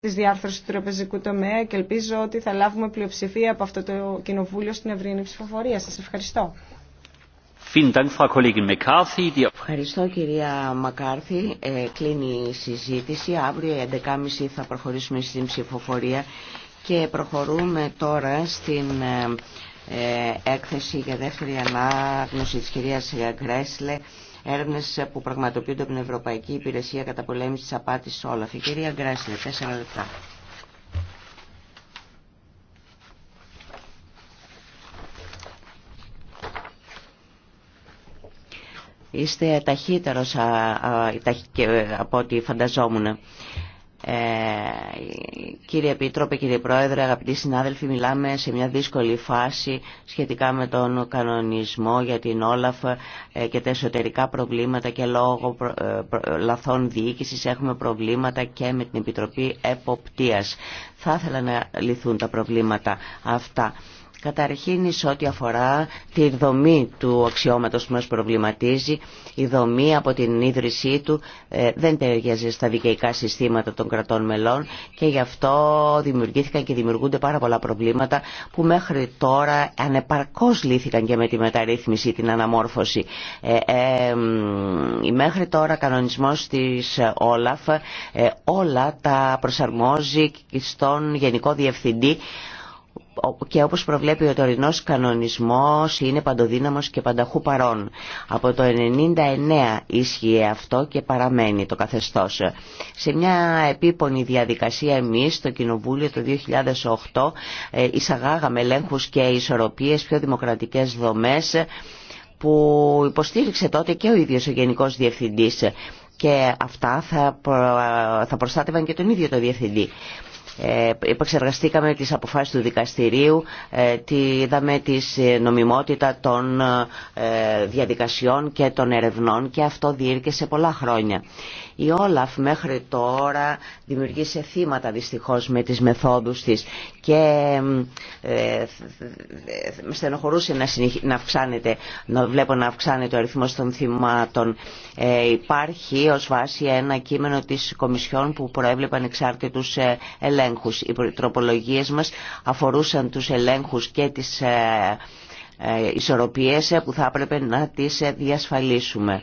Τη διάρθρωσης του τραπεζικού τομέα και ελπίζω ότι θα λάβουμε πλειοψηφία από αυτό το κοινοβούλιο στην ευρύνη ψηφοφορία. Σας ευχαριστώ. Ευχαριστώ κυρία Μακάρθη. Ε, κλείνει η συζήτηση. Αύριο 11.30 θα προχωρήσουμε στην ψηφοφορία και προχωρούμε τώρα στην ε, ε έκθεση για δεύτερη ανάγνωση της κυρίας Γκρέσλε έρευνε που πραγματοποιούνται από την Ευρωπαϊκή Υπηρεσία Κατά πολέμηση τη Όλαφ. Η κυρία Γκράσινε, τέσσερα λεπτά. Είστε ταχύτερος από ό,τι φανταζόμουν. Ε, κύριε Επίτροπε, κύριε Πρόεδρε, αγαπητοί συνάδελφοι, μιλάμε σε μια δύσκολη φάση σχετικά με τον κανονισμό για την Όλαφ ε, και τα εσωτερικά προβλήματα και λόγω ε, λαθών διοίκησης έχουμε προβλήματα και με την Επιτροπή Εποπτείας. Θα ήθελα να λυθούν τα προβλήματα αυτά. Καταρχήν σε ό,τι αφορά τη δομή του αξιώματος που μας προβληματίζει, η δομή από την ίδρυσή του ε, δεν ταιριάζει στα δικαιικά συστήματα των κρατών μελών και γι' αυτό δημιουργήθηκαν και δημιουργούνται πάρα πολλά προβλήματα που μέχρι τώρα ανεπαρκώς λύθηκαν και με τη μεταρρύθμιση, την αναμόρφωση. Ε, μέχρι τώρα κανονισμός της Όλαφ ε, όλα τα προσαρμόζει στον Γενικό Διευθυντή και όπως προβλέπει ο τωρινός κανονισμός είναι παντοδύναμος και πανταχού παρών. Από το 99 ίσχυε αυτό και παραμένει το καθεστώς. Σε μια επίπονη διαδικασία εμείς στο Κοινοβούλιο το 2008 ε, εισαγάγαμε ελέγχους και ισορροπίες, πιο δημοκρατικές δομές που υποστήριξε τότε και ο ίδιος ο Γενικός Διευθυντής και αυτά θα, θα προστάτευαν και τον ίδιο το Διευθυντή υπεξεργαστήκαμε ε, τις αποφάσεις του δικαστηρίου, ε, είδαμε τη ε, νομιμότητα των διαδικασιών και των ερευνών και αυτό διήρκεσε πολλά χρόνια. Η Όλαφ μέχρι τώρα δημιουργήσε θύματα δυστυχώς με τις μεθόδους της και ε, ε, στενοχωρούσε να, να αυξάνεται, να βλέπω να αυξάνεται ο αριθμός των θυμάτων. Ε, υπάρχει ως βάση ένα κείμενο της Κομισιόν που προέβλεπαν εξάρτητους ε, ελέγχους. Οι τροπολογίες μας αφορούσαν τους ελέγχους και τις ε, ε ισορροπίες που θα έπρεπε να τις διασφαλίσουμε.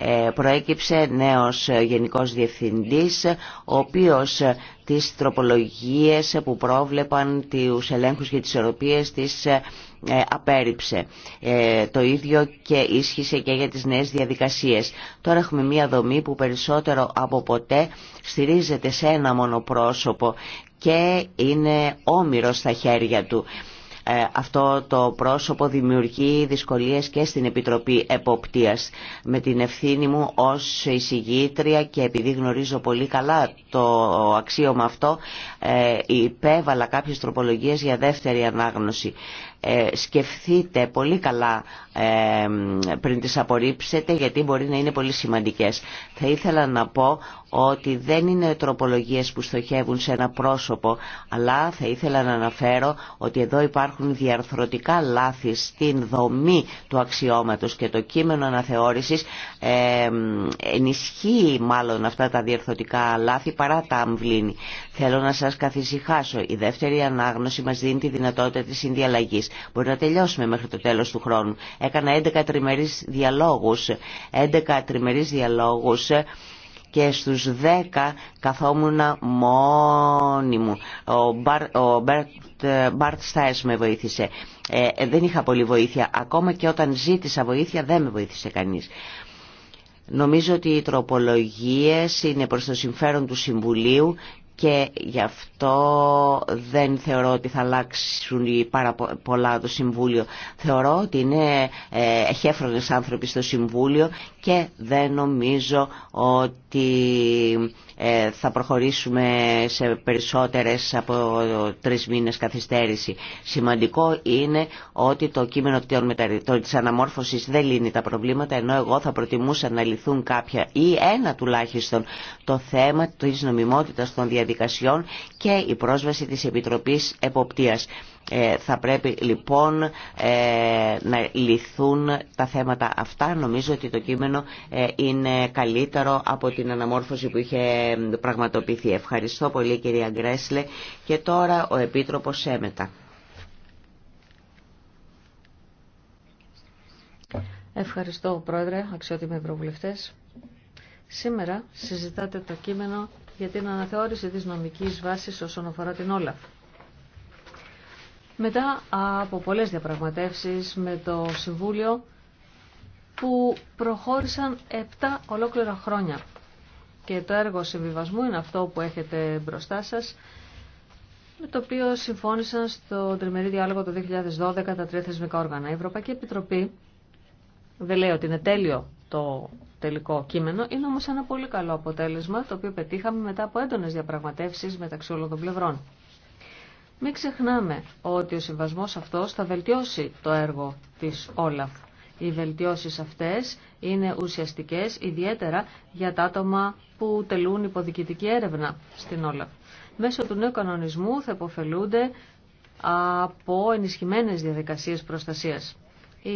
Ε, προέκυψε νέος ε, γενικός διευθυντής, ο οποίος ε, τις τροπολογίες που πρόβλεπαν τους ελέγχους και τις ισορροπίες τις απέρριψε. το ίδιο και ίσχυσε και για τις νέες διαδικασίες. Τώρα έχουμε μια δομή που περισσότερο από ποτέ στηρίζεται σε ένα μονοπρόσωπο και είναι όμοιρο στα χέρια του. Ε, αυτό το πρόσωπο δημιουργεί δυσκολίες και στην Επιτροπή Εποπτείας. Με την ευθύνη μου ως εισηγήτρια και επειδή γνωρίζω πολύ καλά το αξίωμα αυτό, ε, υπέβαλα κάποιες τροπολογίες για δεύτερη ανάγνωση. Ε, σκεφτείτε πολύ καλά πριν τις απορρίψετε γιατί μπορεί να είναι πολύ σημαντικές. Θα ήθελα να πω ότι δεν είναι τροπολογίες που στοχεύουν σε ένα πρόσωπο αλλά θα ήθελα να αναφέρω ότι εδώ υπάρχουν διαρθρωτικά λάθη στην δομή του αξιώματος και το κείμενο αναθεώρησης ενισχύει μάλλον αυτά τα διαρθρωτικά λάθη παρά τα αμβλήνη. Θέλω να σας καθησυχάσω. Η δεύτερη ανάγνωση μας δίνει τη δυνατότητα της συνδιαλλαγής. Μπορεί να τελειώσουμε μέχρι το τέλος του χρόνου έκανα 11 τριμερείς διαλόγους, 11 τριμερείς διαλόγους και στους 10 καθόμουν μόνη μου. Ο, Μπαρτ με βοήθησε. Ε, ε, δεν είχα πολύ βοήθεια. Ακόμα και όταν ζήτησα βοήθεια δεν με βοήθησε κανείς. Νομίζω ότι οι τροπολογίες είναι προς το συμφέρον του Συμβουλίου και γι' αυτό δεν θεωρώ ότι θα αλλάξουν πάρα πολλά το Συμβούλιο. Θεωρώ ότι είναι ε, εχέφρονες άνθρωποι στο Συμβούλιο και δεν νομίζω ότι ε, θα προχωρήσουμε σε περισσότερες από τρεις μήνες καθυστέρηση. Σημαντικό είναι ότι το κείμενο της αναμόρφωσης δεν λύνει τα προβλήματα, ενώ εγώ θα προτιμούσα να λυθούν κάποια ή ένα τουλάχιστον το θέμα της νομιμότητας των διαδικασιών και η πρόσβαση της Επιτροπής Εποπτείας. Ε, θα πρέπει λοιπόν ε, να λυθούν τα θέματα αυτά. Νομίζω ότι το κείμενο ε, είναι καλύτερο από την αναμόρφωση που είχε πραγματοποιηθεί. Ευχαριστώ πολύ κυρία Γκρέσλε και τώρα ο Επίτροπος Σέμετα. Ευχαριστώ Πρόεδρε, αξιότιμοι Ευρωβουλευτές. Σήμερα συζητάτε το κείμενο για την αναθεώρηση της νομικής βάσης όσον αφορά την Όλαφ μετά από πολλές διαπραγματεύσεις με το Συμβούλιο που προχώρησαν 7 ολόκληρα χρόνια. Και το έργο συμβιβασμού είναι αυτό που έχετε μπροστά σας, με το οποίο συμφώνησαν στο τριμερή διάλογο το 2012 τα τρία θεσμικά όργανα. Η Ευρωπαϊκή Επιτροπή δεν λέει ότι είναι τέλειο το τελικό κείμενο, είναι όμως ένα πολύ καλό αποτέλεσμα το οποίο πετύχαμε μετά από έντονες διαπραγματεύσεις μεταξύ όλων των πλευρών. Μην ξεχνάμε ότι ο συμβασμός αυτός θα βελτιώσει το έργο της Όλαφ. Οι βελτιώσεις αυτές είναι ουσιαστικές ιδιαίτερα για τα άτομα που τελούν υποδικητική έρευνα στην Όλαφ. Μέσω του νέου κανονισμού θα υποφελούνται από ενισχυμένες διαδικασίες προστασίας.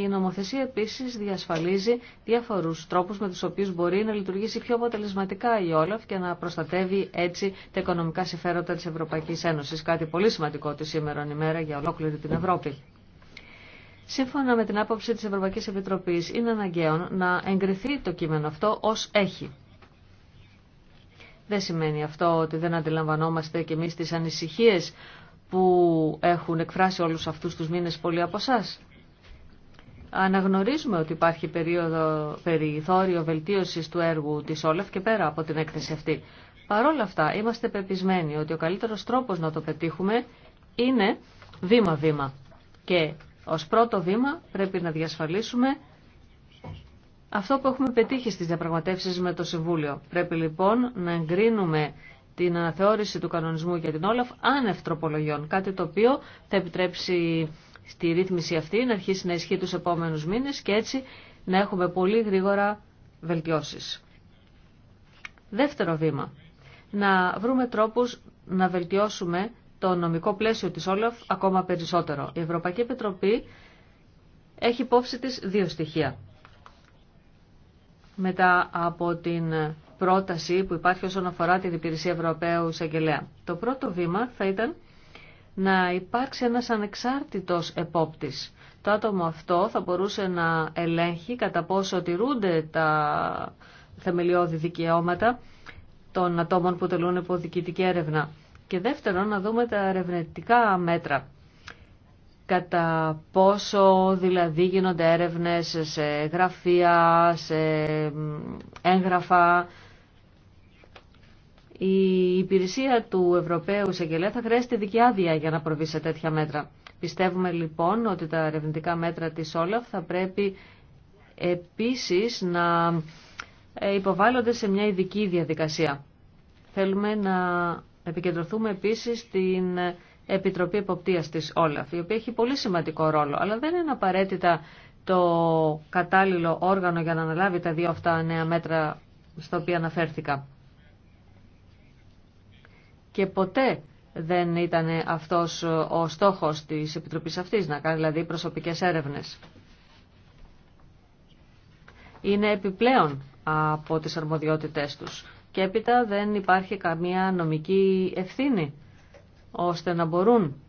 Η νομοθεσία επίση διασφαλίζει διάφορου τρόπου με του οποίου μπορεί να λειτουργήσει πιο αποτελεσματικά η Όλαφ και να προστατεύει έτσι τα οικονομικά συμφέροντα τη Ευρωπαϊκή Ένωση. Κάτι πολύ σημαντικό τη σήμερα ημέρα για ολόκληρη την Ευρώπη. Σύμφωνα με την άποψη της Ευρωπαϊκής Επιτροπής, είναι αναγκαίο να εγκριθεί το κείμενο αυτό ως έχει. Δεν σημαίνει αυτό ότι δεν αντιλαμβανόμαστε και εμείς τις ανησυχίες που έχουν εκφράσει όλους αυτούς τους μήνες πολλοί από εσά αναγνωρίζουμε ότι υπάρχει περίοδο, περιθώριο βελτίωσης του έργου της Όλαφ και πέρα από την έκθεση αυτή. Παρ' όλα αυτά είμαστε πεπισμένοι ότι ο καλύτερος τρόπος να το πετύχουμε είναι βήμα-βήμα. Και ως πρώτο βήμα πρέπει να διασφαλίσουμε αυτό που έχουμε πετύχει στις διαπραγματεύσεις με το Συμβούλιο. Πρέπει λοιπόν να εγκρίνουμε την αναθεώρηση του κανονισμού για την Όλαφ άνευ κάτι το οποίο θα επιτρέψει στη ρύθμιση αυτή να αρχίσει να ισχύει τους επόμενους μήνες και έτσι να έχουμε πολύ γρήγορα βελτιώσεις. Δεύτερο βήμα. Να βρούμε τρόπους να βελτιώσουμε το νομικό πλαίσιο της Όλαφ ακόμα περισσότερο. Η Ευρωπαϊκή Επιτροπή έχει υπόψη της δύο στοιχεία. Μετά από την πρόταση που υπάρχει όσον αφορά την Υπηρεσία Ευρωπαίου Εισαγγελέα. Το πρώτο βήμα θα ήταν να υπάρξει ένας ανεξάρτητος επόπτης. Το άτομο αυτό θα μπορούσε να ελέγχει κατά πόσο τηρούνται τα θεμελιώδη δικαιώματα των ατόμων που τελούν υποδικητική έρευνα. Και δεύτερον, να δούμε τα ερευνητικά μέτρα. Κατά πόσο δηλαδή γίνονται έρευνες σε γραφεία, σε έγγραφα, η υπηρεσία του Ευρωπαίου Εισαγγελέα θα χρειάζεται δική για να προβεί σε τέτοια μέτρα. Πιστεύουμε λοιπόν ότι τα ερευνητικά μέτρα της Όλαφ θα πρέπει επίσης να ε, υποβάλλονται σε μια ειδική διαδικασία. Θέλουμε να επικεντρωθούμε επίσης στην Επιτροπή Εποπτείας της Όλαφ, η οποία έχει πολύ σημαντικό ρόλο, αλλά δεν είναι απαραίτητα το κατάλληλο όργανο για να αναλάβει τα δύο αυτά νέα μέτρα στα οποία αναφέρθηκα και ποτέ δεν ήταν αυτός ο στόχος της Επιτροπής αυτής, να κάνει δηλαδή προσωπικές έρευνες. Είναι επιπλέον από τις αρμοδιότητές τους και έπειτα δεν υπάρχει καμία νομική ευθύνη ώστε να μπορούν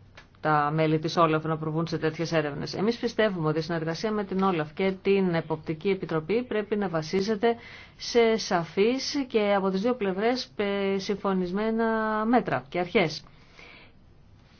τα μέλη της Όλαφ να προβούν σε τέτοιες έρευνες. Εμείς πιστεύουμε ότι η συνεργασία με την Όλαφ και την Εποπτική Επιτροπή πρέπει να βασίζεται σε σαφείς και από τις δύο πλευρές ε, συμφωνισμένα μέτρα και αρχές.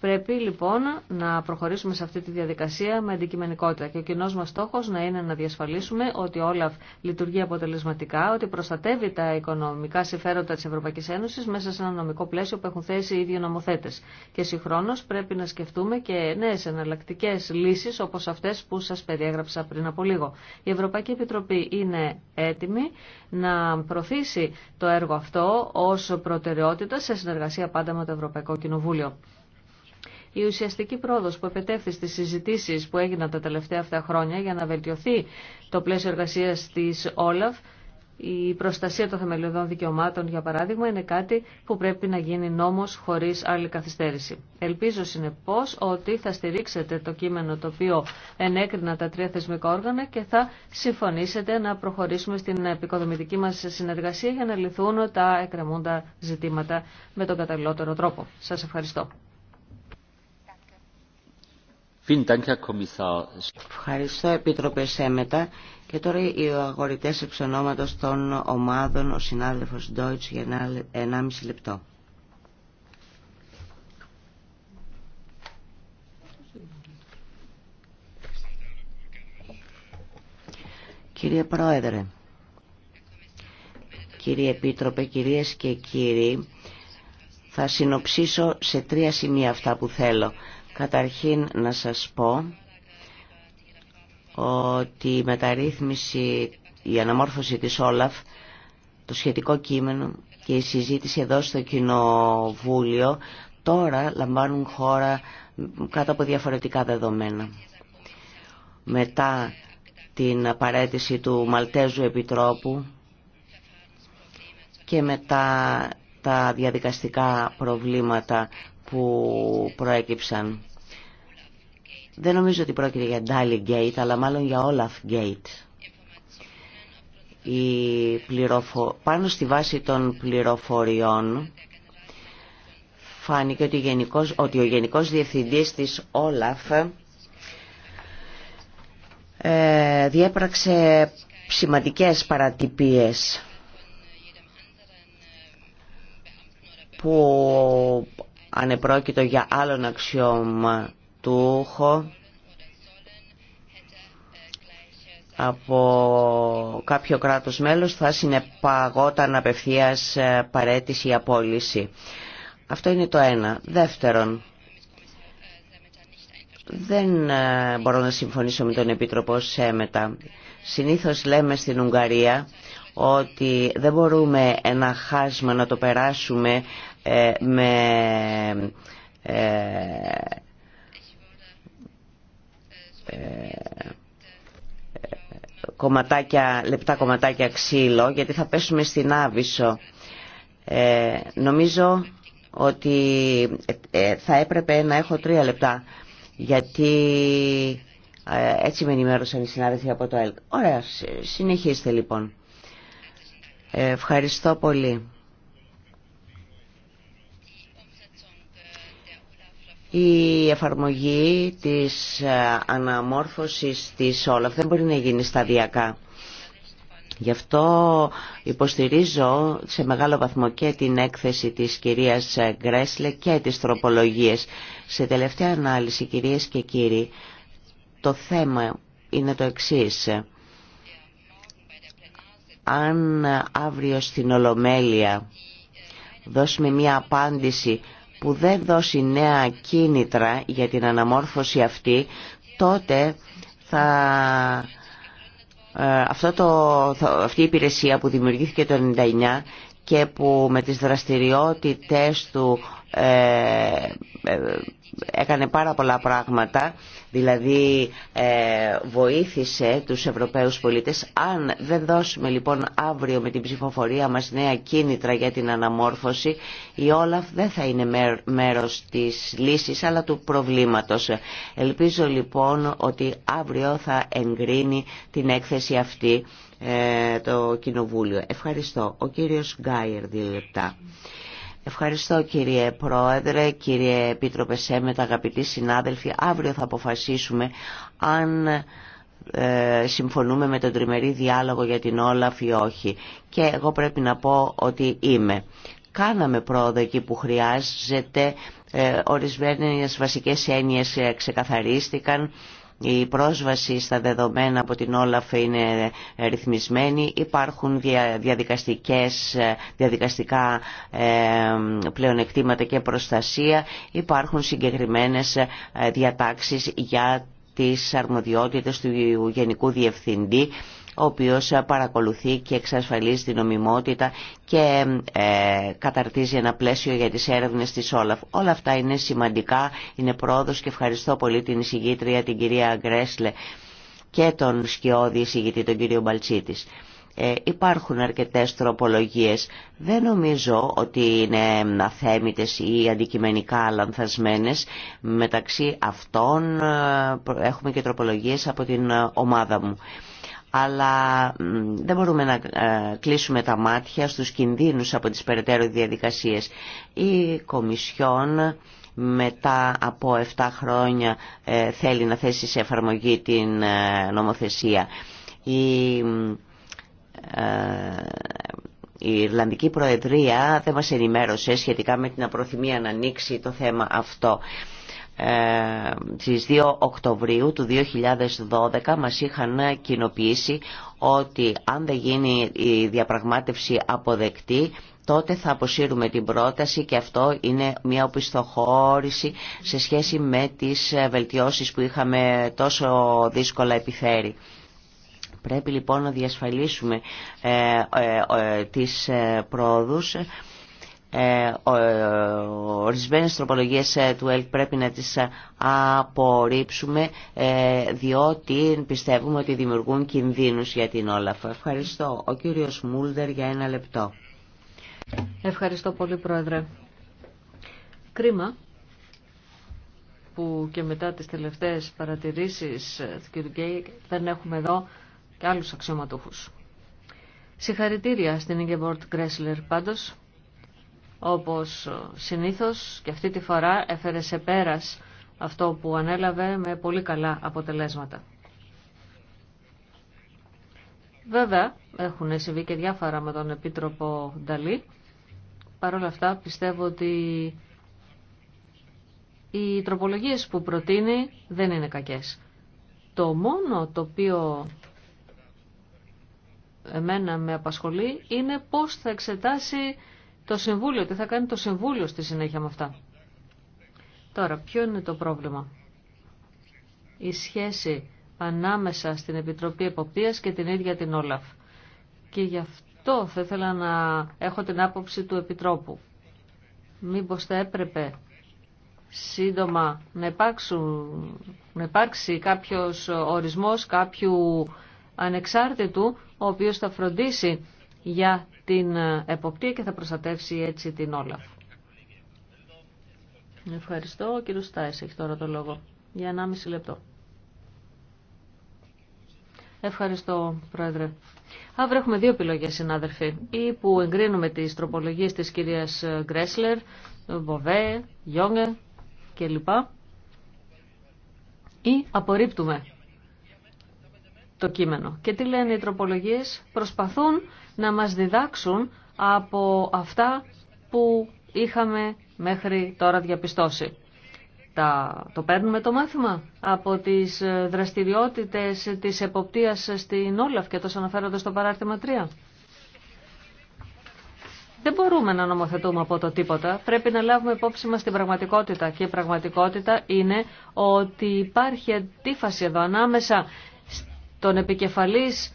Πρέπει λοιπόν να προχωρήσουμε σε αυτή τη διαδικασία με αντικειμενικότητα και ο κοινό μα στόχο να είναι να διασφαλίσουμε ότι όλα λειτουργεί αποτελεσματικά, ότι προστατεύει τα οικονομικά συμφέροντα τη Ευρωπαϊκή Ένωση μέσα σε ένα νομικό πλαίσιο που έχουν θέσει οι ίδιοι νομοθέτε. Και συγχρόνω πρέπει να σκεφτούμε και νέε εναλλακτικέ λύσει όπω αυτέ που σα περιέγραψα πριν από λίγο. Η Ευρωπαϊκή Επιτροπή είναι έτοιμη να προωθήσει το έργο αυτό ω προτεραιότητα σε συνεργασία πάντα με το Ευρωπαϊκό Κοινοβούλιο. Η ουσιαστική πρόοδο που επετέφθη στι συζητήσει που έγιναν τα τελευταία αυτά χρόνια για να βελτιωθεί το πλαίσιο εργασία τη Όλαφ, η προστασία των θεμελιωδών δικαιωμάτων, για παράδειγμα, είναι κάτι που πρέπει να γίνει νόμος χωρί άλλη καθυστέρηση. Ελπίζω, συνεπώ ότι θα στηρίξετε το κείμενο το οποίο ενέκρινα τα τρία θεσμικά όργανα και θα συμφωνήσετε να προχωρήσουμε στην επικοδομητική μα συνεργασία για να λυθούν τα εκκρεμούντα ζητήματα με τον καταλληλότερο τρόπο. Σα ευχαριστώ. Ευχαριστώ Επίτροπε Σέμετα και τώρα οι αγορητές εξ των ομάδων ο συνάδελφος Ντόιτς για 1,5 λεπτό. Κύριε Πρόεδρε, κύριε Επίτροπε, κυρίες και κύριοι, θα συνοψίσω σε τρία σημεία αυτά που θέλω. Καταρχήν να σας πω ότι η μεταρρύθμιση, η αναμόρφωση της Όλαφ, το σχετικό κείμενο και η συζήτηση εδώ στο Κοινοβούλιο τώρα λαμβάνουν χώρα κάτω από διαφορετικά δεδομένα. Μετά την απαραίτηση του Μαλτέζου Επιτρόπου και μετά τα διαδικαστικά προβλήματα που προέκυψαν. Δεν νομίζω ότι πρόκειται για Dali Gate, αλλά μάλλον για Olaf Gate. Η πληροφο... Πάνω στη βάση των πληροφοριών φάνηκε ότι, γενικός... ότι ο Γενικός Διευθυντής της Όλαφ ε, διέπραξε σημαντικές παρατυπίες που αν επρόκειτο για άλλον αξιώμα του από κάποιο κράτος μέλος θα συνεπαγόταν απευθείας ε, παρέτηση ή απόλυση. Αυτό είναι το ένα. Δεύτερον, δεν ε, μπορώ να συμφωνήσω με τον Επίτροπο Σέμετα. Συνήθως λέμε στην Ουγγαρία ότι δεν μπορούμε ένα χάσμα να το περάσουμε ε, με ε, ε, κομματάκια, λεπτά κομματάκια ξύλο γιατί θα πέσουμε στην Άβυσσο. νομίζω ότι θα έπρεπε να έχω τρία λεπτά γιατί έτσι με ενημέρωσαν οι συνάδελφοι από το ΕΛΚ. Ωραία, συνεχίστε λοιπόν. ευχαριστώ πολύ. Η εφαρμογή της ε, αναμόρφωσης της όλα δεν μπορεί να γίνει σταδιακά. Γι' αυτό υποστηρίζω σε μεγάλο βαθμό και την έκθεση της κυρίας ε, Γκρέσλε και τις τροπολογίες. Σε τελευταία ανάλυση, κυρίες και κύριοι, το θέμα είναι το εξής. Αν ε, αύριο στην Ολομέλεια δώσουμε μια απάντηση που δεν δώσει νέα κίνητρα για την αναμόρφωση αυτή, τότε θα... Ε, αυτό το, αυτή η υπηρεσία που δημιουργήθηκε το 1999 και που με τις δραστηριότητες του ε, ε, έκανε πάρα πολλά πράγματα, δηλαδή ε, βοήθησε τους Ευρωπαίους πολίτες. Αν δεν δώσουμε λοιπόν αύριο με την ψηφοφορία μας νέα κίνητρα για την αναμόρφωση, η Όλαφ δεν θα είναι μέρος της λύσης αλλά του προβλήματος. Ελπίζω λοιπόν ότι αύριο θα εγκρίνει την έκθεση αυτή το Κοινοβούλιο. Ευχαριστώ. Ο κύριος Γκάιερ δύο Ευχαριστώ κύριε Πρόεδρε, κύριε Επίτροπε Σέμετα, αγαπητοί συνάδελφοι. Αύριο θα αποφασίσουμε αν ε, συμφωνούμε με τον τριμερή διάλογο για την Όλαφ ή όχι. Και εγώ πρέπει να πω ότι είμαι. Κάναμε πρόοδο εκεί που χρειάζεται, ε, ορισμένες βασικές έννοιες ε, ξεκαθαρίστηκαν, η πρόσβαση στα δεδομένα από την Όλαφ είναι ρυθμισμένη. Υπάρχουν διαδικαστικές, διαδικαστικά ε, πλεονεκτήματα και προστασία. Υπάρχουν συγκεκριμένες ε, διατάξεις για τις αρμοδιότητες του Γενικού Διευθυντή ο οποίος παρακολουθεί και εξασφαλίζει την νομιμότητα και ε, καταρτίζει ένα πλαίσιο για τις έρευνες της Όλαφ. Όλα αυτά είναι σημαντικά, είναι πρόοδος και ευχαριστώ πολύ την εισηγήτρια, την κυρία Γκρέσλε και τον σκιώδη εισηγητή, τον κύριο Μπαλτσίτης. Ε, υπάρχουν αρκετές τροπολογίες. Δεν νομίζω ότι είναι αθέμητες ή αντικειμενικά λανθασμένες. Μεταξύ αυτών ε, έχουμε και τροπολογίες από την ομάδα μου αλλά δεν μπορούμε να ε, κλείσουμε τα μάτια στους κινδύνους από τις περαιτέρω διαδικασίες. Η Κομισιόν μετά από 7 χρόνια ε, θέλει να θέσει σε εφαρμογή την ε, νομοθεσία. Η, η Ιρλανδική Προεδρία δεν μας ενημέρωσε σχετικά με την απροθυμία να ανοίξει το θέμα αυτό. Ε, στις 2 Οκτωβρίου του 2012 μας είχαν κοινοποιήσει ότι αν δεν γίνει η διαπραγμάτευση αποδεκτή τότε θα αποσύρουμε την πρόταση και αυτό είναι μια οπισθοχώρηση σε σχέση με τις βελτιώσεις που είχαμε τόσο δύσκολα επιφέρει. Πρέπει λοιπόν να διασφαλίσουμε ε, ε, τις πρόοδους ε, ορισμένες τροπολογίες ε, του ΕΛΚ πρέπει να τις ε, απορρίψουμε διότι πιστεύουμε ότι δημιουργούν κινδύνους για την όλα. Ευχαριστώ. Ο κύριος Μούλτερ για ένα λεπτό. Ευχαριστώ πολύ Πρόεδρε. Κρίμα που και μετά τις τελευταίες παρατηρήσεις του κ. Γκέι δεν έχουμε εδώ και άλλους αξιωματούχους. Συγχαρητήρια στην Ingeborg Gressler πάντως όπως συνήθως και αυτή τη φορά έφερε σε πέρας αυτό που ανέλαβε με πολύ καλά αποτελέσματα. Βέβαια, έχουν συμβεί και διάφορα με τον Επίτροπο Νταλή. Παρ' όλα αυτά, πιστεύω ότι οι τροπολογίες που προτείνει δεν είναι κακές. Το μόνο το οποίο εμένα με απασχολεί είναι πώς θα εξετάσει το Συμβούλιο, τι θα κάνει το Συμβούλιο στη συνέχεια με αυτά. Τώρα, ποιο είναι το πρόβλημα. Η σχέση ανάμεσα στην Επιτροπή Εποπτείας και την ίδια την Όλαφ. Και γι' αυτό θα ήθελα να έχω την άποψη του Επιτρόπου. Μήπως θα έπρεπε σύντομα να, υπάρξουν, να υπάρξει κάποιος ορισμός κάποιου ανεξάρτητου, ο οποίος θα φροντίσει για την ε, εποπτεία και θα προστατεύσει έτσι την Όλαφ. Ευχαριστώ. Ο κύριος Στάις έχει τώρα το λόγο για 1,5 λεπτό. Ευχαριστώ, Πρόεδρε. Αύριο έχουμε δύο επιλογές, συνάδελφοι. Ή που εγκρίνουμε τις τροπολογίες της κυρίας Γκρέσλερ, Βοβέ, Γιόγκε κλπ. Ή απορρίπτουμε το κείμενο. Και τι λένε οι τροπολογίες, προσπαθούν να μας διδάξουν από αυτά που είχαμε μέχρι τώρα διαπιστώσει. Τα... Το παίρνουμε το μάθημα από τις ε, δραστηριότητες της εποπτείας στην Όλαφ και το αναφέρονται στο παράρτημα 3. Δεν μπορούμε να νομοθετούμε από το τίποτα. Πρέπει να λάβουμε υπόψη μας την πραγματικότητα. Και η πραγματικότητα είναι ότι υπάρχει αντίφαση εδώ ανάμεσα τον επικεφαλής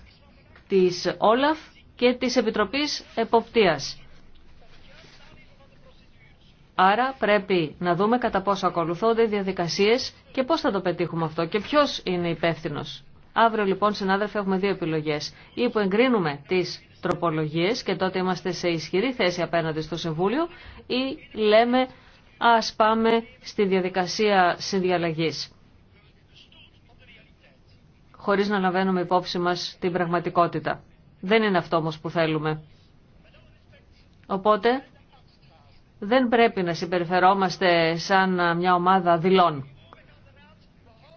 της Όλαφ και της Επιτροπής Εποπτείας. Άρα πρέπει να δούμε κατά πόσο ακολουθούνται οι διαδικασίες και πώς θα το πετύχουμε αυτό και ποιος είναι υπεύθυνο. Αύριο λοιπόν συνάδελφοι έχουμε δύο επιλογές. Ή που εγκρίνουμε τις τροπολογίες και τότε είμαστε σε ισχυρή θέση απέναντι στο Συμβούλιο ή λέμε ας πάμε στη διαδικασία συνδιαλλαγής χωρίς να λαμβάνουμε υπόψη μας την πραγματικότητα. Δεν είναι αυτό όμως που θέλουμε. Οπότε δεν πρέπει να συμπεριφερόμαστε σαν μια ομάδα δηλών.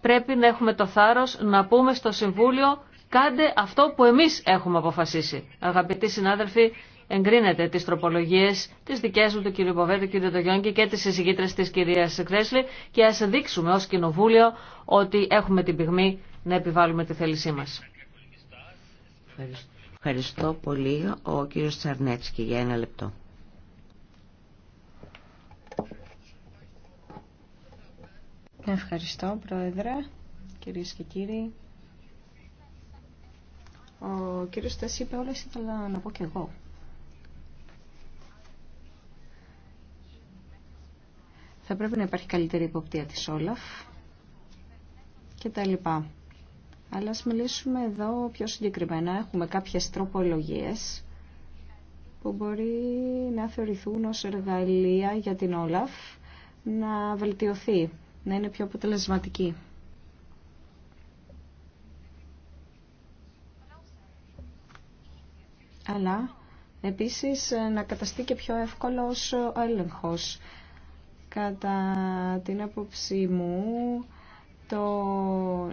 Πρέπει να έχουμε το θάρρος να πούμε στο Συμβούλιο κάντε αυτό που εμείς έχουμε αποφασίσει. Αγαπητοί συνάδελφοι, εγκρίνετε τις τροπολογίες τις δικές μου του κ. Ποβέ, του κ. Ντογιόνγκη και τις της κυρίας Κρέσλη και ας δείξουμε ως Κοινοβούλιο ότι έχουμε την πυγμή να επιβάλλουμε τη θέλησή μας. Ευχαριστώ. πολύ. Ο κύριος Τσαρνέτσκι για ένα λεπτό. Ευχαριστώ, Πρόεδρε, κυρίες και κύριοι. Ο κύριος Στασί είπε όλα ήθελα να πω και εγώ. Θα πρέπει να υπάρχει καλύτερη υποπτία της Όλαφ και τα λοιπά. Αλλά ας μιλήσουμε εδώ πιο συγκεκριμένα. Έχουμε κάποιες τροπολογίες που μπορεί να θεωρηθούν ως εργαλεία για την Όλαφ να βελτιωθεί, να είναι πιο αποτελεσματική. Αλλά επίσης να καταστεί και πιο εύκολος ο έλεγχος. Κατά την άποψή μου, το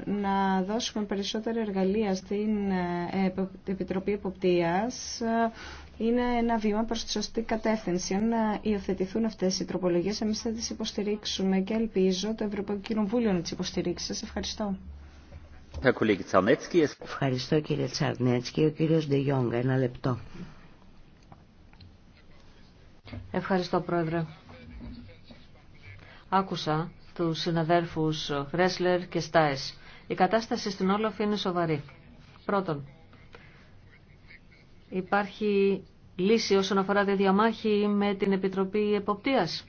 να δώσουμε περισσότερα εργαλεία στην ε, Επιτροπή Εποπτείας ε, είναι ένα βήμα προς τη σωστή κατεύθυνση. Αν ε, υιοθετηθούν αυτές οι τροπολογίες, εμείς θα τις υποστηρίξουμε και ελπίζω το Ευρωπαϊκό Κοινοβούλιο να τις υποστηρίξει. Σας ευχαριστώ. Ευχαριστώ κύριε Τσαρνέτσκι. Ο κύριος Ντεγιόγκα, ένα λεπτό. Ευχαριστώ πρόεδρε. Άκουσα τους συναδέρφους Χρέσλερ και Στάες. Η κατάσταση στην Όλαφ είναι σοβαρή. Πρώτον, υπάρχει λύση όσον αφορά τη διαμάχη με την Επιτροπή Εποπτείας.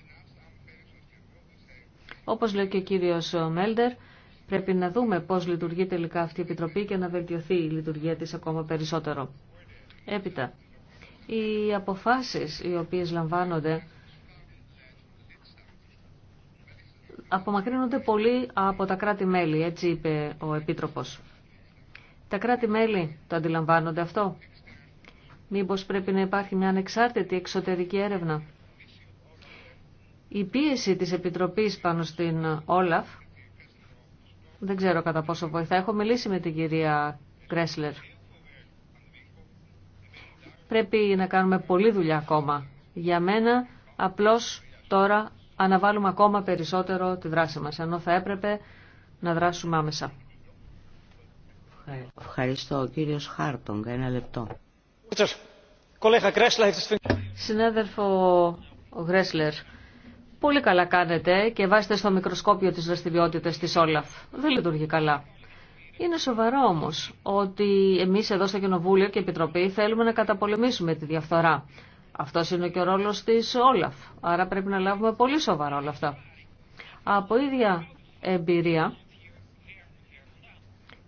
Όπως λέει και ο κύριος Μέλντερ, πρέπει να δούμε πώς λειτουργεί τελικά αυτή η Επιτροπή και να βελτιωθεί η λειτουργία της ακόμα περισσότερο. Έπειτα, οι αποφάσεις οι οποίες λαμβάνονται απομακρύνονται πολύ από τα κράτη-μέλη, έτσι είπε ο Επίτροπος. Τα κράτη-μέλη το αντιλαμβάνονται αυτό. Μήπως πρέπει να υπάρχει μια ανεξάρτητη εξωτερική έρευνα. Η πίεση της Επιτροπής πάνω στην Όλαφ, δεν ξέρω κατά πόσο βοηθά, έχω μιλήσει με την κυρία Κρέσλερ. Πρέπει να κάνουμε πολλή δουλειά ακόμα. Για μένα απλώς τώρα αναβάλουμε ακόμα περισσότερο τη δράση μας, ενώ θα έπρεπε να δράσουμε άμεσα. Ευχαριστώ. Κύριος Χάρτονγκ, ένα λεπτό. Συνέδερφο Γκρέσλερ, πολύ καλά κάνετε και βάζετε στο μικροσκόπιο τις δραστηριότητες της Όλαφ. Δεν λειτουργεί καλά. Είναι σοβαρό όμως ότι εμείς εδώ στο Κοινοβούλιο και η Επιτροπή θέλουμε να καταπολεμήσουμε τη διαφθορά. Αυτός είναι και ο ρόλος της Όλαφ, άρα πρέπει να λάβουμε πολύ σοβαρά όλα αυτά. Από ίδια εμπειρία,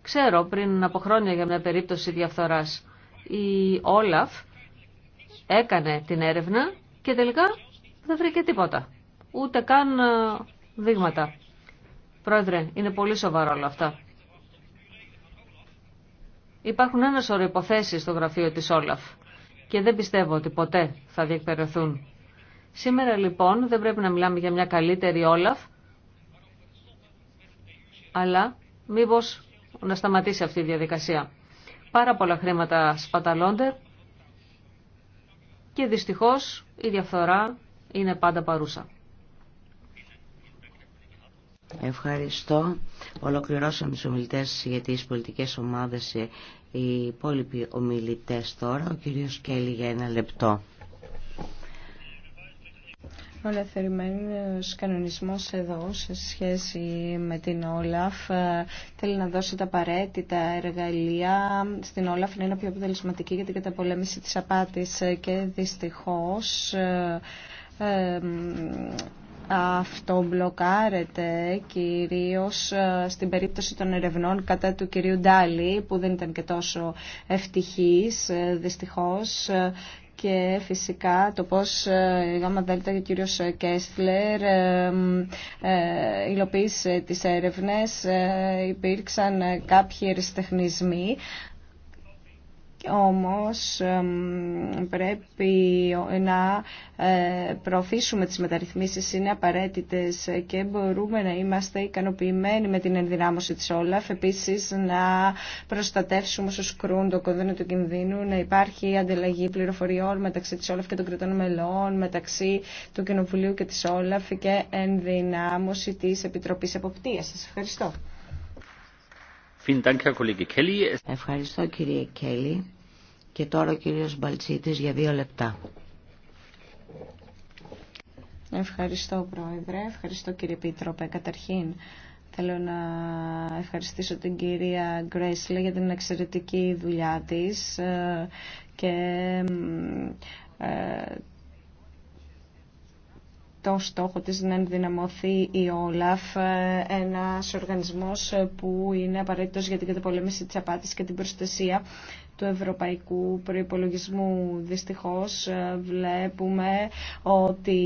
ξέρω πριν από χρόνια για μια περίπτωση διαφθοράς, η Όλαφ έκανε την έρευνα και τελικά δεν βρήκε τίποτα, ούτε καν ε, δείγματα. Πρόεδρε, είναι πολύ σοβαρό όλα αυτά. Υπάρχουν ένα σωρό υποθέσεις στο γραφείο της Όλαφ και δεν πιστεύω ότι ποτέ θα διεκπαιρεθούν. Σήμερα λοιπόν δεν πρέπει να μιλάμε για μια καλύτερη Όλαφ, αλλά μήπως να σταματήσει αυτή η διαδικασία. Πάρα πολλά χρήματα σπαταλώνται και δυστυχώς η διαφθορά είναι πάντα παρούσα. Ευχαριστώ. Ολοκληρώσαμε τους ομιλητές για τις πολιτικές ομάδες ε, οι υπόλοιποι ομιλητές τώρα. Ο κύριος Κέλλη για ένα λεπτό. Ο ελευθερημένος κανονισμός εδώ σε σχέση με την Όλαφ ε, θέλει να δώσει τα απαραίτητα εργαλεία στην Όλαφ να είναι πιο αποτελεσματική για την καταπολέμηση της απάτης και δυστυχώς ε, ε, αυτό μπλοκάρεται κυρίως ε, στην περίπτωση των ερευνών κατά του κυρίου Ντάλι που δεν ήταν και τόσο ευτυχής ε, δυστυχώς ε, και φυσικά το πώς η ΓΑΜΑ ΔΕΛΤΑ και ο κύριος Κέστλερ υλοποίησε τις έρευνες. Υπήρξαν κάποιοι εριστεχνισμοί όμως πρέπει να ε, προωθήσουμε τις μεταρρυθμίσεις, είναι απαραίτητες και μπορούμε να είμαστε ικανοποιημένοι με την ενδυνάμωση της Όλαφ. Επίσης να προστατεύσουμε όσους κρούν το κονδύνο του κινδύνου, να υπάρχει ανταλλαγή πληροφοριών μεταξύ της Όλαφ και των κρατών μελών, μεταξύ του Κοινοβουλίου και της Όλαφ και ενδυνάμωση της Επιτροπής Εποπτείας. Σας ευχαριστώ. Ευχαριστώ κύριε Κέλλη. Και τώρα ο κύριος Μπαλτσίτης για δύο λεπτά. Ευχαριστώ Πρόεδρε, ευχαριστώ κύριε Πίτροπε. Καταρχήν θέλω να ευχαριστήσω την κυρία Γκρέσλε για την εξαιρετική δουλειά της ε, και ε, το στόχο της να ενδυναμωθεί η ΟΛΑΦ, ε, ένας οργανισμός που είναι απαραίτητος για την καταπολέμηση της απάτης και την προστασία του ευρωπαϊκού προϋπολογισμού. Δυστυχώς ε, βλέπουμε ότι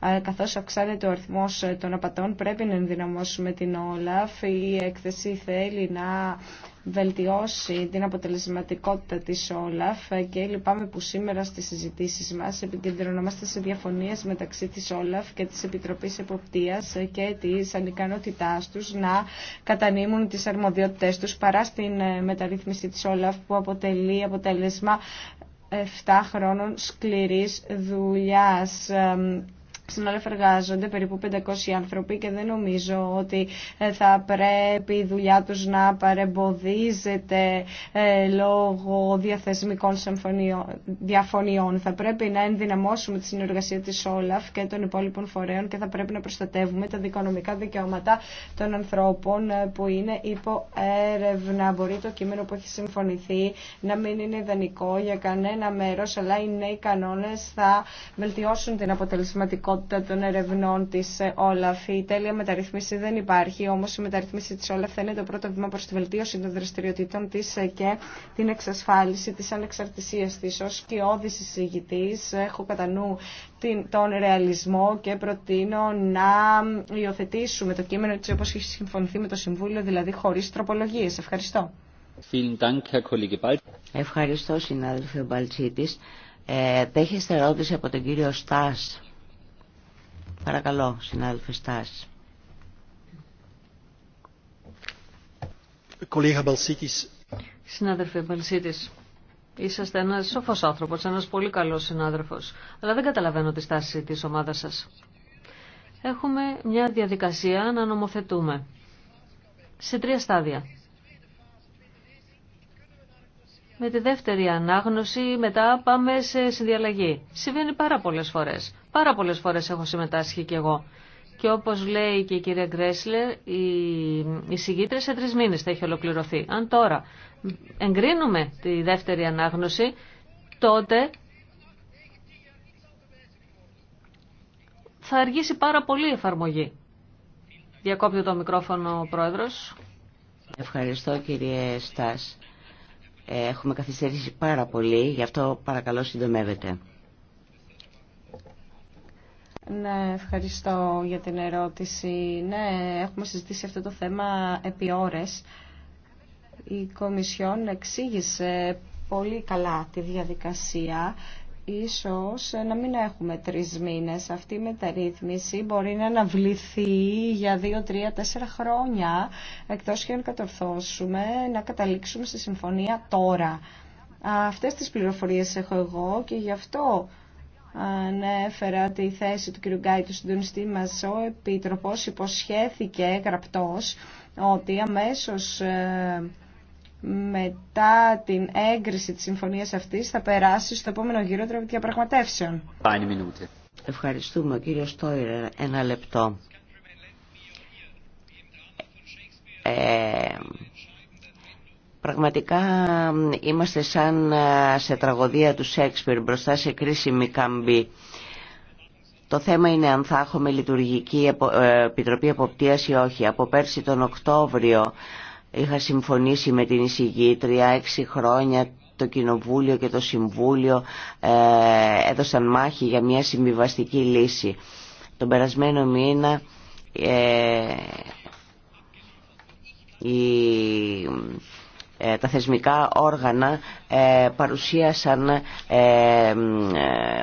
ε, καθώς αυξάνεται ο αριθμός των απατών πρέπει να ενδυναμώσουμε την ΟΛΑΦ. Η έκθεση θέλει να βελτιώσει την αποτελεσματικότητα της Όλαφ και λυπάμαι που σήμερα στις συζητήσεις μας επικεντρωνόμαστε σε διαφωνίες μεταξύ της Όλαφ και της Επιτροπής Εποπτείας και της ανικανότητάς τους να κατανείμουν τις αρμοδιότητές τους παρά στην ε, μεταρρύθμιση της Όλαφ που αποτελεί αποτέλεσμα 7 χρόνων σκληρής δουλειάς στην εργάζονται περίπου 500 άνθρωποι και δεν νομίζω ότι ε, θα πρέπει η δουλειά τους να παρεμποδίζεται ε, λόγω διαθεσμικών διαφωνιών. Θα πρέπει να ενδυναμώσουμε τη συνεργασία της Όλαφ και των υπόλοιπων φορέων και θα πρέπει να προστατεύουμε τα δικονομικά δικαιώματα των ανθρώπων ε, που είναι υπό έρευνα. Μπορεί το κείμενο που έχει συμφωνηθεί να μην είναι ιδανικό για κανένα μέρος, αλλά οι νέοι κανόνες θα βελτιώσουν την αποτελεσματικότητα ποιότητα των ερευνών τη ε, Όλαφ. Η τέλεια μεταρρυθμίση δεν υπάρχει, όμως η μεταρρυθμίση τη Όλαφ θα είναι το πρώτο βήμα προς τη βελτίωση των δραστηριοτήτων της ε, και την εξασφάλιση της ανεξαρτησίας της. Ως κοιόδης εισηγητής έχω κατά νου τον ρεαλισμό και προτείνω να υιοθετήσουμε το κείμενο έτσι όπω έχει συμφωνηθεί με το Συμβούλιο, δηλαδή χωρί τροπολογίες. Ευχαριστώ. Ευχαριστώ συνάδελφε Μπαλτσίτη. Ε, Τέχεστε ερώτηση από τον κύριο Στάς. Παρακαλώ, συνάδελφε Στάση. Συνάδελφε Μπαλσίτης, είσαστε ένας σοφός άνθρωπος, ένας πολύ καλός συνάδελφος, αλλά δεν καταλαβαίνω τη στάση της ομάδας σας. Έχουμε μια διαδικασία να νομοθετούμε σε τρία στάδια με τη δεύτερη ανάγνωση μετά πάμε σε συνδιαλλαγή. Συμβαίνει πάρα πολλές φορές. Πάρα πολλές φορές έχω συμμετάσχει κι εγώ. Και όπως λέει και η κυρία Γκρέσλερ, η συγκήτρια σε τρεις μήνες θα έχει ολοκληρωθεί. Αν τώρα εγκρίνουμε τη δεύτερη ανάγνωση, τότε θα αργήσει πάρα πολύ η εφαρμογή. Διακόπτει το μικρόφωνο ο Πρόεδρος. Ευχαριστώ κύριε Στάς. Έχουμε καθυστερήσει πάρα πολύ, γι' αυτό παρακαλώ συντομεύετε. Ναι, ευχαριστώ για την ερώτηση. Ναι, έχουμε συζητήσει αυτό το θέμα επί ώρες. Η Κομισιόν εξήγησε πολύ καλά τη διαδικασία ίσως να μην έχουμε τρεις μήνες. Αυτή η μεταρρύθμιση μπορεί να αναβληθεί για δύο, τρία, τέσσερα χρόνια, εκτός και αν κατορθώσουμε να καταλήξουμε στη συμφωνία τώρα. Αυτές τις πληροφορίες έχω εγώ και γι' αυτό ανέφερα τη θέση του κ. Γκάι του συντονιστή μας. Ο Επίτροπος υποσχέθηκε γραπτός ότι αμέσως ε, μετά την έγκριση της συμφωνίας αυτής θα περάσει στο επόμενο γύρο των διαπραγματεύσεων. Ευχαριστούμε κύριο Στόιρε. Ένα λεπτό. Ε, πραγματικά είμαστε σαν ε, σε τραγωδία του Σέξπιρ μπροστά σε κρίσιμη καμπή. Το θέμα είναι αν θα έχουμε λειτουργική ε, επιτροπή εποπτείας ή όχι. Από πέρσι τον Οκτώβριο Είχα συμφωνήσει με την εισηγήτρια έξι χρόνια το Κοινοβούλιο και το Συμβούλιο ε, έδωσαν μάχη για μια συμβιβαστική λύση. Τον περασμένο μήνα ε, η ε, τα θεσμικά όργανα ε, παρουσίασαν ε,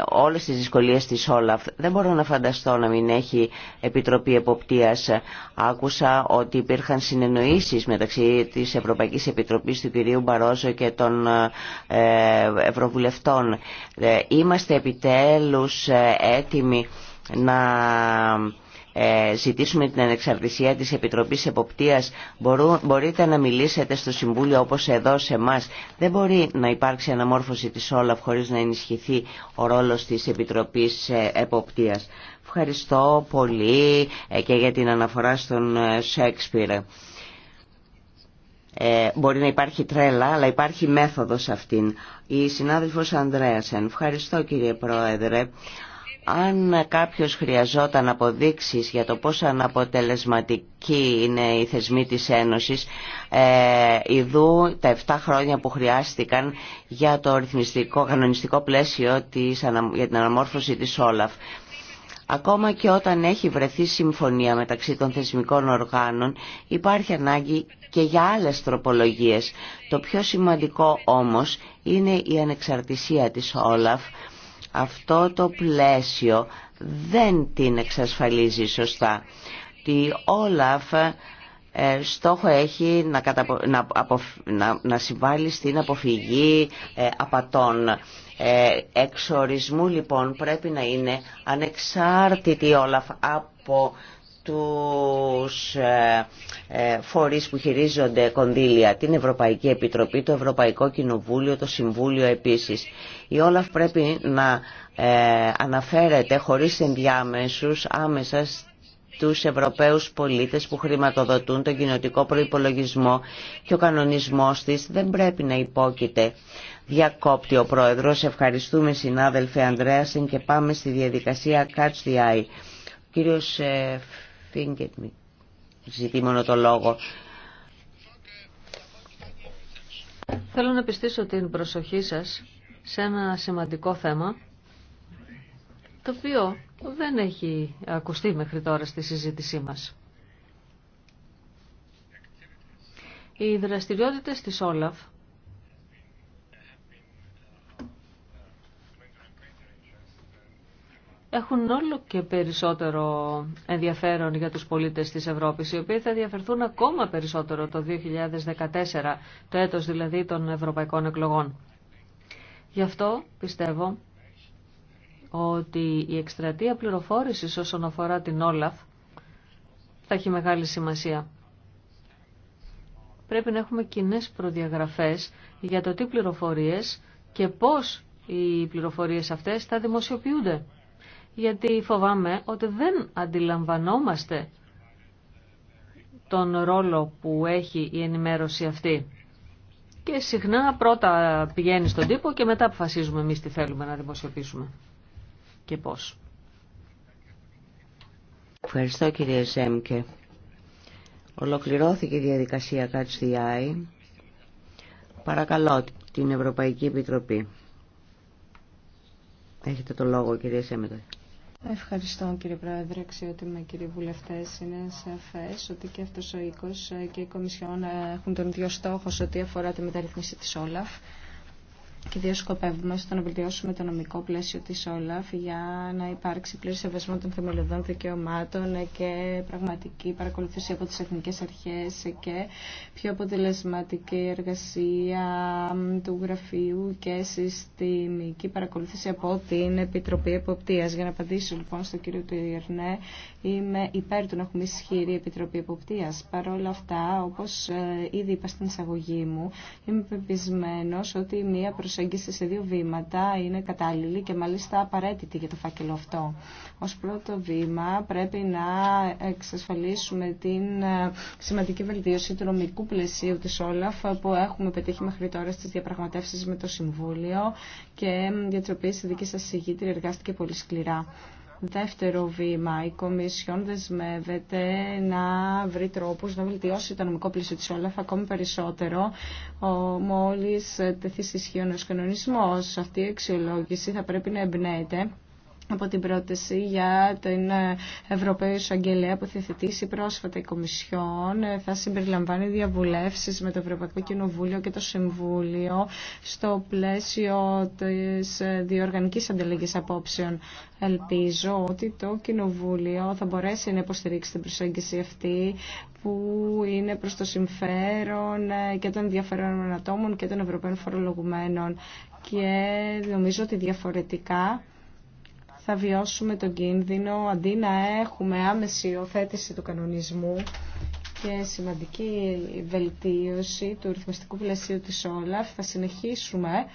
όλες τις δυσκολίες της Όλαφ. Δεν μπορώ να φανταστώ να μην έχει Επιτροπή Εποπτείας. Άκουσα ότι υπήρχαν συνεννοήσεις μεταξύ της Ευρωπαϊκής Επιτροπής του κυρίου Μπαρόζο και των Ευρωβουλευτών. Είμαστε επιτέλους έτοιμοι να ε, ζητήσουμε την ανεξαρτησία της Επιτροπής Εποπτείας μπορείτε να μιλήσετε στο Συμβούλιο όπως εδώ σε εμά. Δεν μπορεί να υπάρξει αναμόρφωση της όλα χωρίς να ενισχυθεί ο ρόλος της Επιτροπής ε, Εποπτείας. Ευχαριστώ πολύ ε, και για την αναφορά στον Σέξπιρ. μπορεί να υπάρχει τρέλα, αλλά υπάρχει μέθοδος αυτήν. Η συνάδελφος Ανδρέασεν. Ευχαριστώ κύριε Πρόεδρε. Αν κάποιος χρειαζόταν αποδείξεις για το πόσο αναποτελεσματική είναι η θεσμή της Ένωσης, ε, ειδού τα 7 χρόνια που χρειάστηκαν για το ρυθμιστικό, κανονιστικό πλαίσιο της, για την αναμόρφωση της Όλαφ. Ακόμα και όταν έχει βρεθεί συμφωνία μεταξύ των θεσμικών οργάνων, υπάρχει ανάγκη και για άλλες τροπολογίες. Το πιο σημαντικό όμως είναι η ανεξαρτησία της Όλαφ, αυτό το πλαίσιο δεν την εξασφαλίζει σωστά. Τη Όλαφ ε, στόχο έχει να, καταπο... να, να... συμβάλλει στην αποφυγή ε, απατών. Ε, εξορισμού λοιπόν πρέπει να είναι ανεξάρτητη Όλαφ από τους ε, ε, φορείς που χειρίζονται κονδύλια, την Ευρωπαϊκή Επιτροπή, το Ευρωπαϊκό Κοινοβούλιο, το Συμβούλιο επίσης. Η Όλαφ πρέπει να ε, αναφέρεται χωρίς ενδιάμεσους άμεσα τους Ευρωπαίους πολίτες που χρηματοδοτούν τον κοινοτικό προϋπολογισμό και ο κανονισμός της δεν πρέπει να υπόκειται. Διακόπτει ο Πρόεδρος. Ευχαριστούμε συνάδελφε Ανδρέασεν και πάμε στη διαδικασία Catch the Eye. Φίγκετ ζητεί μόνο το λόγο. Θέλω να πιστήσω την προσοχή σας σε ένα σημαντικό θέμα το οποίο δεν έχει ακουστεί μέχρι τώρα στη συζήτησή μας. Οι δραστηριότητες της Όλαφ έχουν όλο και περισσότερο ενδιαφέρον για τους πολίτες της Ευρώπης, οι οποίοι θα διαφερθούν ακόμα περισσότερο το 2014, το έτος δηλαδή των ευρωπαϊκών εκλογών. Γι' αυτό πιστεύω ότι η εκστρατεία πληροφόρησης όσον αφορά την Όλαφ θα έχει μεγάλη σημασία. Πρέπει να έχουμε κοινέ προδιαγραφές για το τι πληροφορίες και πώς οι πληροφορίες αυτές θα δημοσιοποιούνται γιατί φοβάμαι ότι δεν αντιλαμβανόμαστε τον ρόλο που έχει η ενημέρωση αυτή. Και συχνά πρώτα πηγαίνει στον τύπο και μετά αποφασίζουμε εμείς τι θέλουμε να δημοσιοποιήσουμε και πώς. Ευχαριστώ κύριε Σέμκε. Ολοκληρώθηκε η διαδικασία ΚΑΤΣΔΙ. Παρακαλώ την Ευρωπαϊκή Επιτροπή. Έχετε το λόγο κυρία Σέμετα. Ευχαριστώ κύριε Πρόεδρε, αξιότιμα κύριοι βουλευτές. Είναι σαφές ότι και αυτός ο οίκος και η Κομισιόν έχουν τον ίδιο στόχο σε ό,τι αφορά τη μεταρρύθμιση της Όλαφ και δύο σκοπεύουμε στο να βελτιώσουμε το νομικό πλαίσιο τη Όλαφ για να υπάρξει πλήρη σεβασμό των θεμελιωδών δικαιωμάτων και πραγματική παρακολουθήση από τι εθνικέ αρχέ και πιο αποτελεσματική εργασία του γραφείου και συστημική παρακολουθήση από την Επιτροπή Εποπτείας. Για να απαντήσω λοιπόν στον κύριο Τουιερνέ, είμαι υπέρ του να έχουμε ισχυρή Επιτροπή Εποπτείας. Παρ' αυτά, όπω ε, ήδη είπα στην εισαγωγή μου, είμαι πεπισμένο ότι μια προσέγγιση σε δύο βήματα είναι κατάλληλη και μάλιστα απαραίτητη για το φάκελο αυτό. Ως πρώτο βήμα πρέπει να εξασφαλίσουμε την ε, σημαντική βελτίωση του νομικού πλαισίου της Όλαφ που έχουμε πετύχει μέχρι τώρα στις διαπραγματεύσεις με το Συμβούλιο και για τις οποίες η δική σας συγγήτρια εργάστηκε πολύ σκληρά. Δεύτερο βήμα, η Κομισιόν δεσμεύεται να βρει τρόπους να βελτιώσει το νομικό πλαίσιο της Όλαφ ακόμη περισσότερο μόλις τεθεί ισχύ ο κανονισμό, Αυτή η αξιολόγηση θα πρέπει να εμπνέεται από την πρόταση για την ε, Ευρωπαϊκή Εισαγγελέα που θα θετήσει πρόσφατα η Κομισιόν ε, θα συμπεριλαμβάνει διαβουλεύσεις με το Ευρωπαϊκό Κοινοβούλιο και το Συμβούλιο στο πλαίσιο της ε, διοργανικής ανταλλαγής απόψεων. Ελπίζω ότι το Κοινοβούλιο θα μπορέσει να υποστηρίξει την προσέγγιση αυτή που είναι προς το συμφέρον και των ενδιαφέρον ατόμων και των Ευρωπαίων φορολογουμένων. Και νομίζω ότι διαφορετικά θα βιώσουμε τον κίνδυνο αντί να έχουμε άμεση υιοθέτηση του κανονισμού και σημαντική βελτίωση του ρυθμιστικού πλαισίου της ΟΛΑΦ. Θα συνεχίσουμε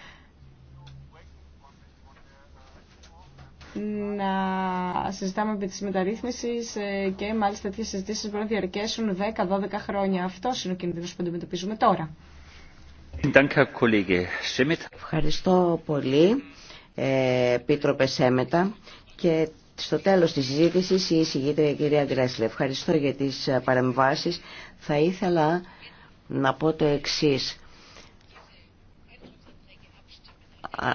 να συζητάμε επί της μεταρρύθμισης ε, και μάλιστα τέτοιες συζητήσεις μπορούν να διαρκέσουν 10-12 χρόνια. Αυτό είναι ο κίνδυνος που αντιμετωπίζουμε τώρα. Ευχαριστώ πολύ. Επίτροπε έμετα και στο τέλος της συζήτησης η εισηγήτρια κυρία Γκρέσλε. Ευχαριστώ για τις ε, παρεμβάσεις. Θα ήθελα να πω το εξής.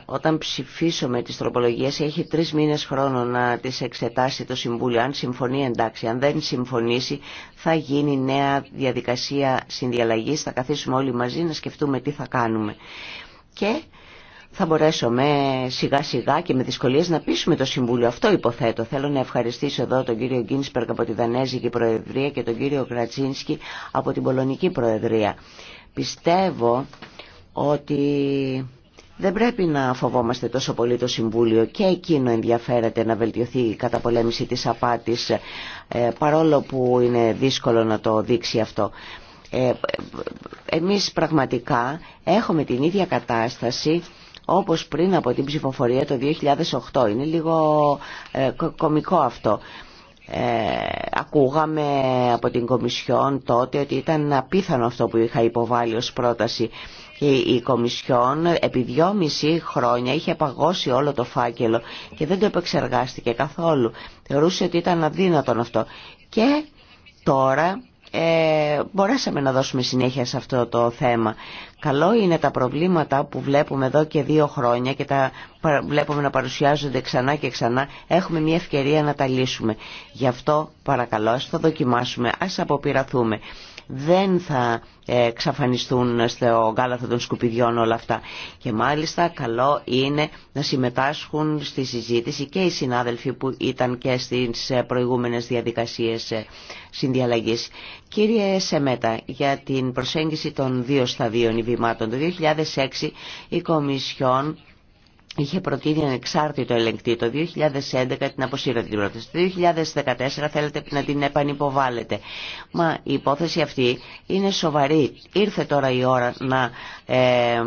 Όταν ψηφίσουμε τις τροπολογίες έχει τρεις μήνες χρόνο να τις εξετάσει το Συμβούλιο. Αν συμφωνεί εντάξει, αν δεν συμφωνήσει θα γίνει νέα διαδικασία συνδιαλλαγής. Θα καθίσουμε όλοι μαζί να σκεφτούμε τι θα κάνουμε. Και θα μπορέσουμε σιγά σιγά και με δυσκολίες να πείσουμε το Συμβούλιο. Αυτό υποθέτω. Θέλω να ευχαριστήσω εδώ τον κύριο Γκίνσπερκ από τη Δανέζικη Προεδρία και τον κύριο Κρατσίνσκι από την Πολωνική Προεδρία. Πιστεύω ότι δεν πρέπει να φοβόμαστε τόσο πολύ το Συμβούλιο και εκείνο ενδιαφέρεται να βελτιωθεί η καταπολέμηση της απάτης ε, παρόλο που είναι δύσκολο να το δείξει αυτό. Ε, ε, εμείς πραγματικά έχουμε την ίδια κατάσταση όπως πριν από την ψηφοφορία το 2008. Είναι λίγο ε, κομικό αυτό. Ε, ακούγαμε από την Κομισιόν τότε ότι ήταν απίθανο αυτό που είχα υποβάλει ως πρόταση η, η Κομισιόν επί δυόμιση χρόνια είχε παγώσει όλο το φάκελο και δεν το επεξεργάστηκε καθόλου θεωρούσε ότι ήταν αδύνατον αυτό και τώρα ε, μπορέσαμε να δώσουμε συνέχεια σε αυτό το θέμα. Καλό είναι τα προβλήματα που βλέπουμε εδώ και δύο χρόνια και τα βλέπουμε να παρουσιάζονται ξανά και ξανά. Έχουμε μια ευκαιρία να τα λύσουμε. Γι' αυτό παρακαλώ ας το δοκιμάσουμε, ας αποπειραθούμε δεν θα ε, εξαφανιστούν στο γάλαθο των σκουπιδιών όλα αυτά. Και μάλιστα καλό είναι να συμμετάσχουν στη συζήτηση και οι συνάδελφοι που ήταν και στις ε, προηγούμενες διαδικασίες ε, συνδιαλλαγής. Κύριε Σεμέτα, για την προσέγγιση των δύο σταδίων βημάτων, το 2006 η Κομισιόν είχε προτείνει ανεξάρτητο ελεγκτή το 2011 την αποσύρατε την πρόταση. Το 2014 θέλετε να την επανυποβάλλετε. Μα η υπόθεση αυτή είναι σοβαρή. Ήρθε τώρα η ώρα να ε,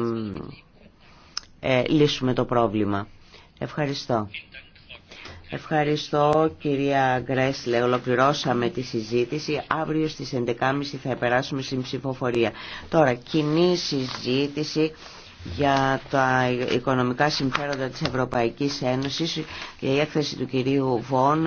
λύσουμε το πρόβλημα. Ευχαριστώ. Ευχαριστώ κυρία Γκρέσλε. Ολοκληρώσαμε τη συζήτηση. Αύριο στις 11.30 θα περάσουμε στην ψηφοφορία. Τώρα, κοινή συζήτηση για τα οικονομικά συμφέροντα της Ευρωπαϊκής Ένωσης και η έκθεση του κυρίου Βόν